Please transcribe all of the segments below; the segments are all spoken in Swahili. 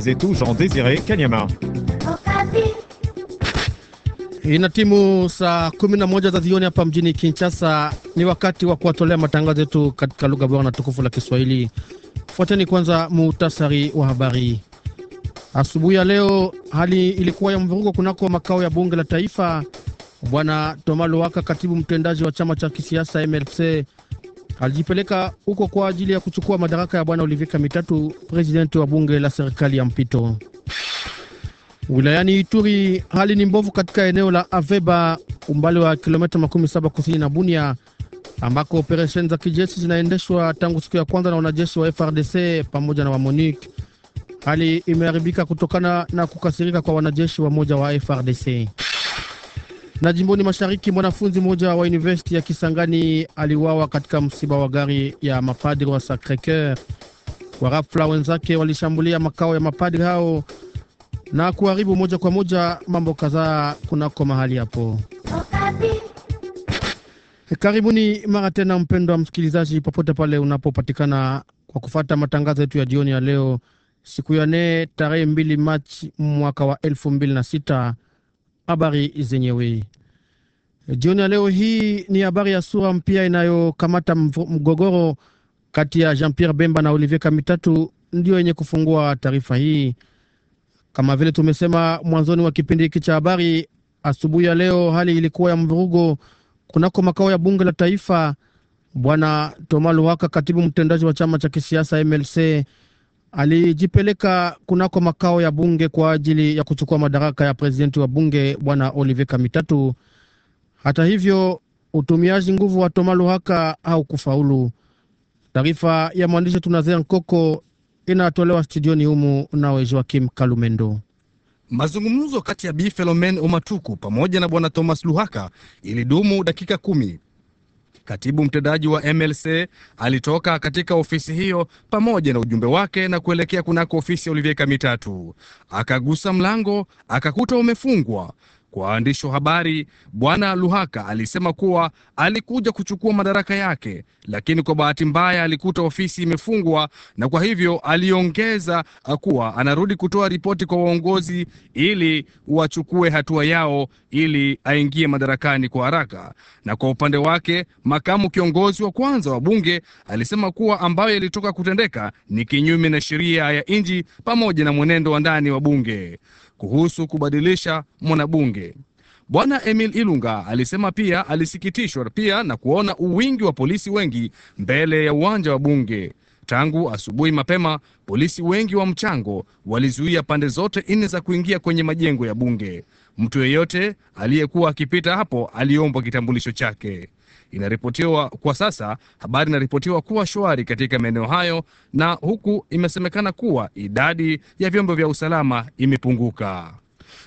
zetu Jean Désiré Kanyama. Ina timu saa kumi na moja za jioni hapa mjini Kinshasa. Ni wakati wa kuwatolea matangazo yetu katika lugha bora na tukufu la Kiswahili. Fuateni kwanza muhtasari wa habari. Asubuhi ya leo hali ilikuwa ya mvurugo kunako makao ya bunge la taifa. Bwana Toma Luaka, katibu mtendaji wa chama cha kisiasa MLC, alijipeleka huko kwa ajili ya kuchukua madaraka ya bwana Olivier Kamitatu, presidenti wa bunge la serikali ya mpito. Wilayani Ituri hali ni mbovu katika eneo la Aveba, umbali wa kilomita makumi saba kusini na Bunia, ambako operesheni za kijeshi zinaendeshwa tangu siku ya kwanza na wanajeshi wa FRDC pamoja na Wamonik. Hali imeharibika kutokana na kukasirika kwa wanajeshi wa moja wa FRDC. Na jimboni mashariki, mwanafunzi mmoja wa university ya Kisangani aliwawa katika msiba wa gari ya mapadri wa Sacre-Cœur. Warafla wenzake walishambulia makao ya mapadri hao na kuharibu moja kwa moja mambo kadhaa kunako mahali hapo. Karibuni mara tena, mpendo wa msikilizaji, popote pale unapopatikana kwa kufata matangazo yetu ya jioni ya leo, siku ya nne tarehe mbili Machi mwaka wa elfu mbili na sita habari zenyewe jioni ya leo hii ni habari ya sura mpya inayokamata mgogoro kati ya Jean Pierre Bemba na Olivier Kamitatu ndiyo yenye kufungua taarifa hii. Kama vile tumesema mwanzoni wa kipindi hiki cha habari, asubuhi ya leo hali ilikuwa ya mvurugo kunako makao ya bunge la taifa. Bwana Toma Luwaka, katibu mtendaji wa chama cha kisiasa MLC, alijipeleka kunako makao ya bunge kwa ajili ya kuchukua madaraka ya prezidenti wa bunge bwana Olivier Kamitatu. Hata hivyo, utumiaji nguvu wa Toma Luhaka haukufaulu. Taarifa ya mwandishi Tunazea Nkoko inatolewa studioni humu nawe Joakim Kalumendo. Mazungumzo kati ya Bi Felomen Omatuku pamoja na bwana Thomas Luhaka ilidumu dakika kumi katibu mtendaji wa MLC alitoka katika ofisi hiyo pamoja na ujumbe wake na kuelekea kunako ofisi ya Olivier Kamitatu. Akagusa mlango akakuta umefungwa. Kwa waandishi wa habari, Bwana Luhaka alisema kuwa alikuja kuchukua madaraka yake, lakini kwa bahati mbaya alikuta ofisi imefungwa, na kwa hivyo aliongeza kuwa anarudi kutoa ripoti kwa waongozi ili wachukue hatua yao ili aingie madarakani kwa haraka. Na kwa upande wake, makamu kiongozi wa kwanza wa bunge alisema kuwa ambayo yalitoka kutendeka ni kinyume na sheria ya nchi pamoja na mwenendo wa ndani wa bunge kuhusu kubadilisha mwanabunge. Bwana Emil Ilunga alisema pia alisikitishwa pia na kuona uwingi wa polisi wengi mbele ya uwanja wa bunge. Tangu asubuhi mapema, polisi wengi wa mchango walizuia pande zote nne za kuingia kwenye majengo ya bunge. Mtu yeyote aliyekuwa akipita hapo aliombwa kitambulisho chake. Inaripotiwa kwa sasa, habari inaripotiwa kuwa shwari katika maeneo hayo, na huku imesemekana kuwa idadi ya vyombo vya usalama imepunguka.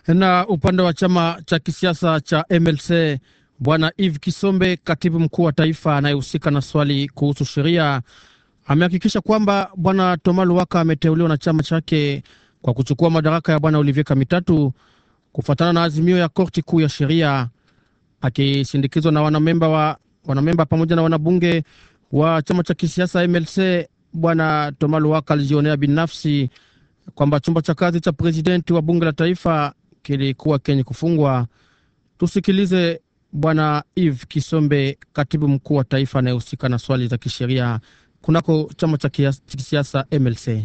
Na upande wa chama cha kisiasa cha MLC, Bwana Eve Kisombe, katibu mkuu wa taifa anayehusika na swali kuhusu sheria, amehakikisha kwamba Bwana Toma Luwaka ameteuliwa na chama chake kwa kuchukua madaraka ya Bwana Olivier Kamitatu kufuatana na azimio ya korti kuu ya sheria, akisindikizwa na wanamemba, wa, wanamemba pamoja na wanabunge wa chama cha kisiasa MLC. Bwana Toma Luwaka alijionea binafsi kwamba chumba cha kazi cha presidenti wa bunge la taifa kilikuwa kenye kufungwa. Tusikilize Bwana Eve Kisombe, katibu mkuu wa taifa anayehusika na swali za kisheria kunako chama cha kisiasa MLC.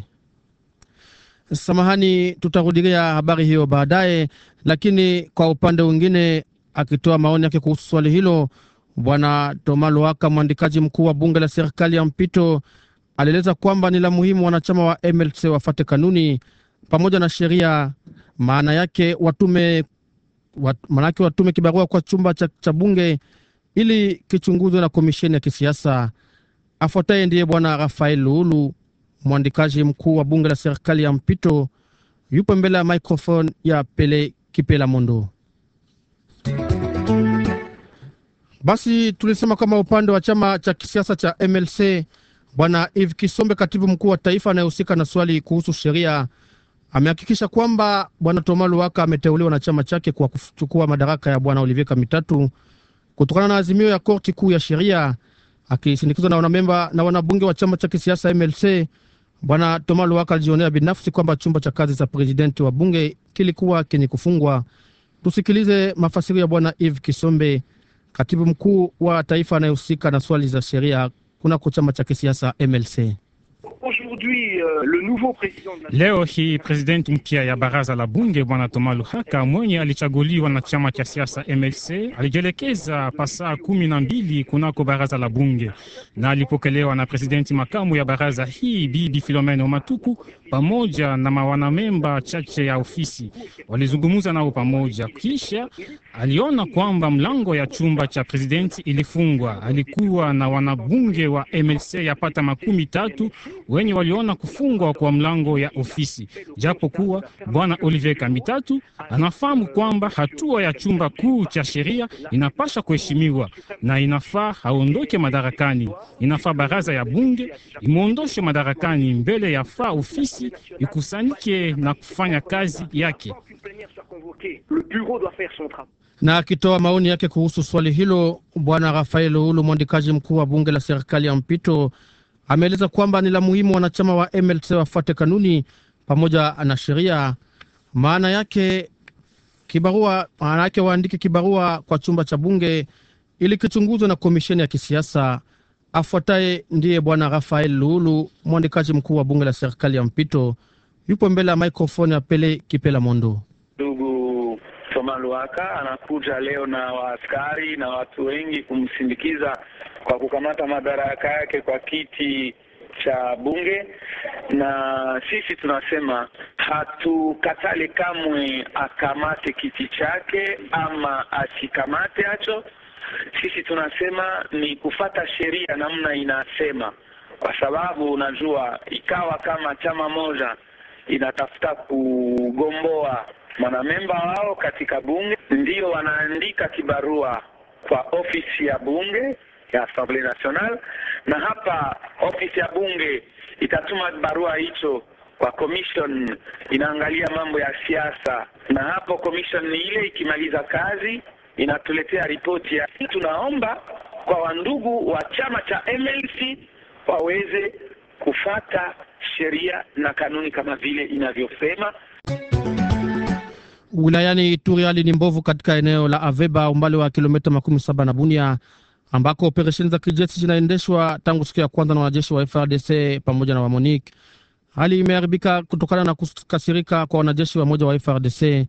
Samahani, tutarudilia habari hiyo baadaye. Lakini kwa upande mwingine, akitoa maoni yake kuhusu swali hilo, bwana Toma loaka mwandikaji mkuu wa bunge la serikali ya mpito, alieleza kwamba ni la muhimu wanachama wa MLC wafate kanuni pamoja na sheria, maana yake watume wat, maanake watume kibarua kwa chumba cha, cha bunge ili kichunguzwe na komisheni ya kisiasa. Afuataye ndiye bwana Rafael Luulu mwandikaji mkuu wa bunge la serikali ya mpito, yupo mbele ya microphone ya Pele Kipela Mondo. Basi tulisema kama upande wa chama cha kisiasa cha MLC, bwana Eve Kisombe, katibu mkuu wa taifa anayehusika na swali kuhusu sheria, amehakikisha kwamba bwana Toma luaka ameteuliwa na chama chake kwa kuchukua madaraka ya bwana Olivier Kamitatu kutokana na azimio ya korti kuu ya sheria, akisindikizwa na wanamemba na wanabunge wa chama cha kisiasa MLC Bwana tomas Luaka alijionea binafsi kwamba chumba cha kazi za prezidenti wa bunge kilikuwa kenye kufungwa. Tusikilize mafasiri ya Bwana Eve Kisombe, katibu mkuu wa taifa anayehusika na swali za sheria kunako chama cha kisiasa MLC aujourd'hui euh, le nouveau président de leo hii president mpya ya baraza la bunge bwana Toma Luhaka mwenye alichaguliwa na chama cha siasa MLC alijielekeza pasaa kumi na mbili kunako baraza la bunge na alipokelewa na presidenti makamu ya baraza hii bibi Filomeno Matuku pamoja na mawanamemba chache ya ofisi walizungumza nao pamoja. Kisha aliona kwamba mlango ya chumba cha presidenti ilifungwa. Alikuwa na wanabunge wa MLC yapata makumi tatu wenye wa waliona kufungwa kwa mlango ya ofisi, japo kuwa bwana Olivier Kamitatu anafahamu kwamba hatua ya chumba kuu cha sheria inapasha kuheshimiwa na inafaa haondoke madarakani. Inafaa baraza ya bunge imwondoshe madarakani mbele ya faa ofisi ikusanyike na kufanya kazi yake. Na akitoa maoni yake kuhusu swali hilo, bwana Rafael Ulu, mwandikaji mkuu wa bunge la serikali ya mpito ameeleza kwamba ni la muhimu wanachama wa MLC wafuate kanuni pamoja na sheria. Maana yake kibarua, maana yake waandike kibarua kwa chumba cha bunge ili kichunguzwe na komisheni ya kisiasa. Afuataye ndiye bwana Rafael Luulu, mwandikaji mkuu wa bunge la serikali ya mpito, yupo mbele ya mikrofoni ya Pele Kipela Mondo somaluaka Luaka anakuja leo na waaskari na watu wengi kumsindikiza kwa kukamata madaraka yake kwa kiti cha bunge, na sisi tunasema hatukatali kamwe akamate kiti chake ama asikamate hacho. Sisi tunasema ni kufata sheria namna inasema, kwa sababu unajua, ikawa kama chama moja inatafuta kugomboa manamemba wao katika bunge ndio wanaandika kibarua kwa ofisi ya bunge ya Assemblee national na hapa ofisi ya bunge itatuma barua hicho kwa commission inaangalia mambo ya siasa, na hapo commission ile ikimaliza kazi inatuletea ripoti ya. Tunaomba kwa wandugu wa chama cha MLC waweze kufata sheria na kanuni kama vile inavyosema. Wilayani Ituri hali ni mbovu katika eneo la Aveba, umbali wa kilomita makumi saba na Bunia, ambako operesheni za kijeshi zinaendeshwa tangu siku ya kwanza na wanajeshi wa FRDC pamoja na Wamonik. Hali imeharibika kutokana na kukasirika kwa wanajeshi wa moja wa FRDC.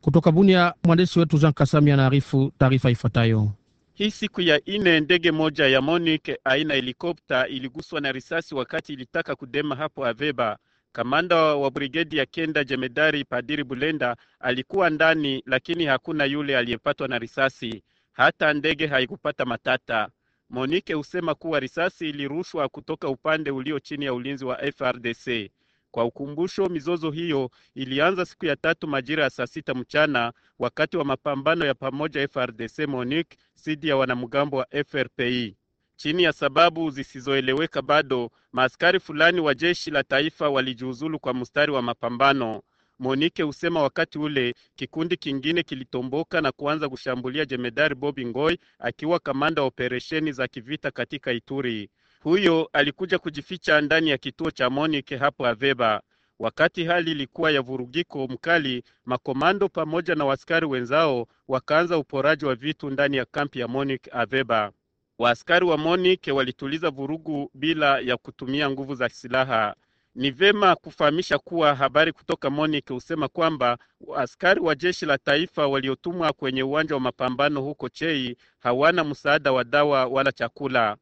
Kutoka Bunia, mwandishi wetu Jean Kasami anaarifu taarifa ifuatayo. Hii siku ya ine ndege moja ya Monik aina helikopta iliguswa na risasi wakati ilitaka kudema hapo Aveba. Kamanda wa brigedi ya kenda jemedari Padiri Bulenda alikuwa ndani, lakini hakuna yule aliyepatwa na risasi. Hata ndege haikupata matata. Monike husema kuwa risasi ilirushwa kutoka upande ulio chini ya ulinzi wa FRDC. Kwa ukumbusho, mizozo hiyo ilianza siku ya tatu majira ya saa sita mchana wakati wa mapambano ya pamoja FRDC Monique dhidi ya wanamgambo wa FRPI chini ya sababu zisizoeleweka bado maaskari fulani wa jeshi la taifa walijiuzulu kwa mstari wa mapambano. Monike husema wakati ule kikundi kingine kilitomboka na kuanza kushambulia jemedari Bobi ngoy akiwa kamanda wa operesheni za kivita katika Ituri. Huyo alikuja kujificha ndani ya kituo cha Monike hapo Aveba. Wakati hali ilikuwa ya vurugiko mkali, makomando pamoja na waskari wenzao wakaanza uporaji wa vitu ndani ya kampi ya Monique Aveba. Waaskari wa MONUC walituliza vurugu bila ya kutumia nguvu za silaha. Ni vema kufahamisha kuwa habari kutoka MONUC husema kwamba askari wa jeshi la taifa waliotumwa kwenye uwanja wa mapambano huko Chei hawana msaada wa dawa wala chakula.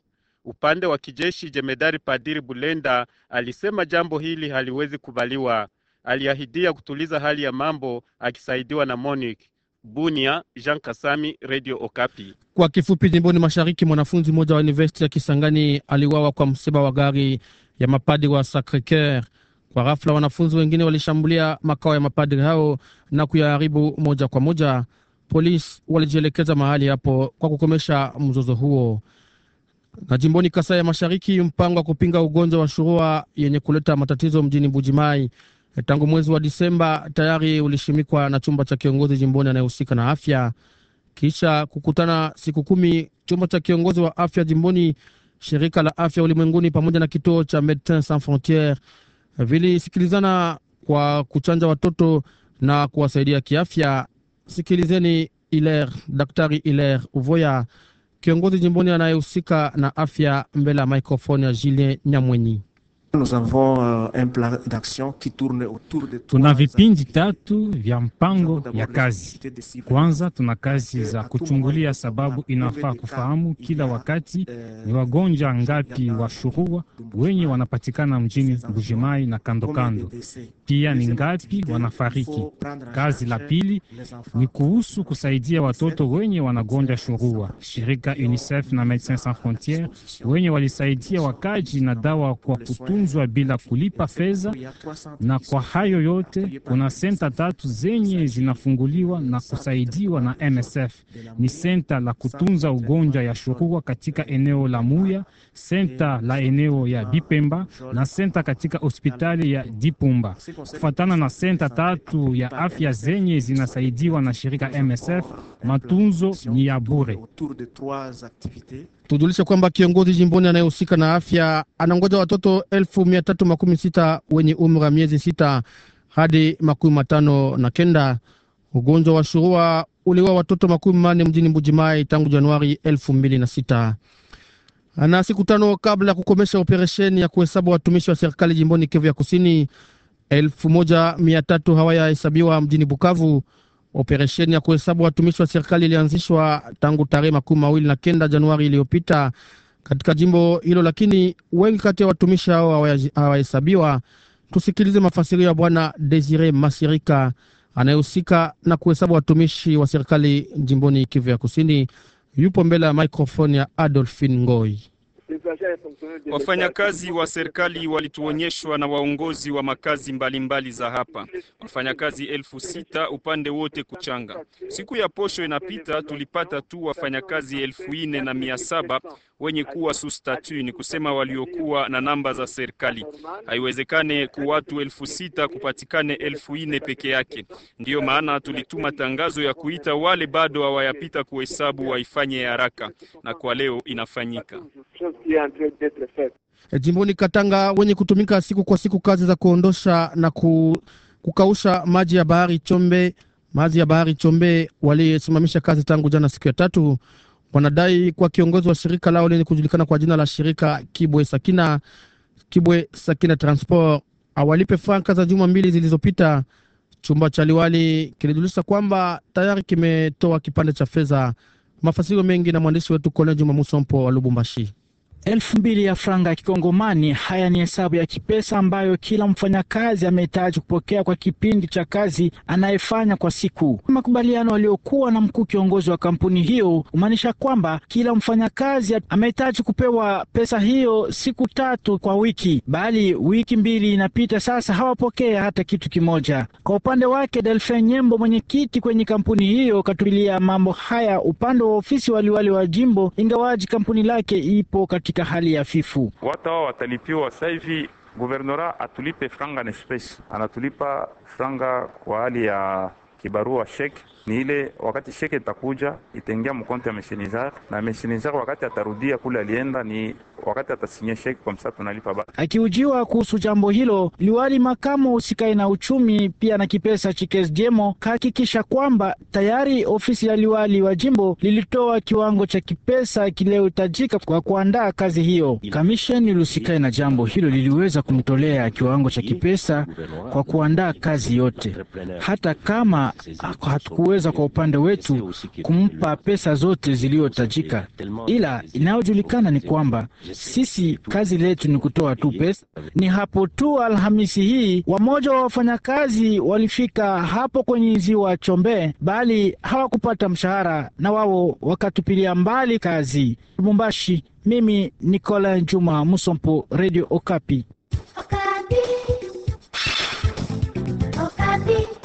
Upande wa kijeshi, jemedari Padiri Bulenda alisema jambo hili haliwezi kubaliwa. Aliahidia kutuliza hali ya mambo akisaidiwa na MONUC. Bunia, Jean Kasami, Radio Okapi. Kwa kifupi, jimboni mashariki, mwanafunzi mmoja wa university ya Kisangani aliwawa kwa msiba wa gari ya mapadri wa Sacre-Cœur. Kwa ghafla, wanafunzi wengine walishambulia makao ya mapadri hao na kuyaharibu moja kwa moja. Polisi walijielekeza mahali hapo kwa kukomesha mzozo huo. Na jimboni Kasai ya Mashariki, mpango wa kupinga ugonjwa wa shurua yenye kuleta matatizo mjini bujimai Tangu mwezi wa Disemba tayari ulishimikwa na chumba cha kiongozi jimboni anayehusika na afya. Kisha kukutana siku kumi, chumba cha kiongozi wa afya jimboni, shirika la afya ulimwenguni pamoja na kituo cha Medecins Sans Frontieres vilisikilizana kwa kuchanja watoto na kuwasaidia kiafya. Sikilizeni Iler, Daktari Iler Uvoya, kiongozi jimboni anayehusika na afya, mbele ya maikrofoni ya Julien Nyamwenyi. Euh, tuna vipindi tatu vya mpango ya kazi. Kwanza, tuna kazi za kuchungulia, sababu inafaa kufahamu kila wakati euh, ni wagonjwa ngapi wa shurua wenye wanapatikana mjini Mbujimai na kandokando pia ni ngapi wanafariki. Kazi la pili ni kuhusu kusaidia watoto wenye wanagonja shurua. Shirika UNICEF na Medecins Sans Frontieres wenye walisaidia wakaji na dawa kwa kutunzwa bila kulipa fedha. Na kwa hayo yote, kuna senta tatu zenye zinafunguliwa na kusaidiwa na MSF: ni senta la kutunza ugonjwa ya shurua katika eneo la Muya, senta la eneo ya Bipemba na senta katika hospitali ya Dipumba. Kufuatana na senta tatu ya afya zenye zinasaidiwa na shirika MSF, matunzo ni ya bure. Tujulishe kwamba kiongozi jimboni anayehusika na afya anangoja watoto elfu mia tatu makumi sita wenye umri wa miezi sita hadi makumi matano na kenda. Ugonjwa wa shurua uliwa watoto makumi manne mjini Mbujimai tangu Januari elfu mbili na sita na siku tano kabla ya kukomesha operesheni ya kuhesabu watumishi wa serikali jimboni Kivu ya Kusini elfu moja mia tatu hawayahesabiwa mjini Bukavu. Operesheni ya kuhesabu watumishi wa serikali ilianzishwa tangu tarehe makumi mawili na kenda Januari iliyopita katika jimbo hilo, lakini wengi kati ya watumishi hao hawahesabiwa. Tusikilize mafasirio ya Bwana Desire Masirika anayehusika na kuhesabu watumishi wa serikali jimboni Kivu ya Kusini. Yupo mbele ya maikrofoni ya Adolfin Ngoi. Wafanyakazi wa serikali walituonyeshwa na waongozi wa makazi mbalimbali mbali za hapa, wafanyakazi elfu sita upande wote kuchanga. Siku ya posho inapita, tulipata tu wafanyakazi elfu nne na mia saba wenye kuwa sustatu, ni kusema waliokuwa na namba za serikali. Haiwezekane ku watu elfu sita kupatikane elfu nne peke yake. Ndiyo maana tulituma tangazo ya kuita wale bado hawayapita kuhesabu waifanye haraka, na kwa leo inafanyika bien en train d'être faite. Jimboni Katanga, wenye kutumika siku kwa siku kazi za kuondosha na ku, kukausha maji ya bahari Chombe, maji ya bahari Chombe waliyesimamisha kazi tangu jana siku ya tatu. Wanadai kwa kiongozi wa shirika lao lenye kujulikana kwa jina la shirika Kibwe Sakina, Kibwe Sakina Transport awalipe franka za juma mbili zilizopita. Chumba cha liwali kilijulisha kwamba tayari kimetoa kipande cha fedha. Mafasiliyo mengi na mwandishi wetu Kole Juma Musompo wa Lubumbashi elfu mbili ya franga ya kikongomani. Haya ni hesabu ya kipesa ambayo kila mfanyakazi amehitaji kupokea kwa kipindi cha kazi anayefanya kwa siku. Makubaliano aliyokuwa na mkuu kiongozi wa kampuni hiyo humaanisha kwamba kila mfanyakazi amehitaji kupewa pesa hiyo siku tatu kwa wiki, bali wiki mbili inapita sasa hawapokea hata kitu kimoja. Kwa upande wake, Delfin Nyembo, mwenyekiti kwenye kampuni hiyo, katulia mambo haya upande wa ofisi waliwali wa jimbo, ingawaji kampuni lake ipo katika katika hali ya fifu. Watu hao watalipiwa sasa hivi. Guvernora atulipe franga na space, anatulipa franga kwa hali ya kibarua sheke ni ile wakati sheke itakuja itaingia mkonto ya meshenizar na meshenizar, wakati atarudia kule alienda, ni wakati atasinya sheki kwa msaa tunalipa basi. Akiujiwa kuhusu jambo hilo, liwali makamu usikai na uchumi pia na kipesa Chikes Jemo kahakikisha kwamba tayari ofisi ya liwali wa jimbo lilitoa kiwango cha kipesa kiliyohitajika kwa kuandaa kazi hiyo. Kamisheni lusikai na jambo hilo liliweza kumtolea kiwango cha kipesa kwa kuandaa kazi yote, hata kama hatukuweza kwa upande wetu kumpa pesa zote zilizotajika, ila inayojulikana ni kwamba sisi kazi letu ni kutoa tu pesa. Ni hapo tu Alhamisi hii wamoja wa wafanyakazi walifika hapo kwenye ziwa Chombe, bali hawakupata mshahara na wao wakatupilia mbali kazi. Lubumbashi, mimi ni Colin Juma Musompo, Radio Okapi, Okapi. Okapi.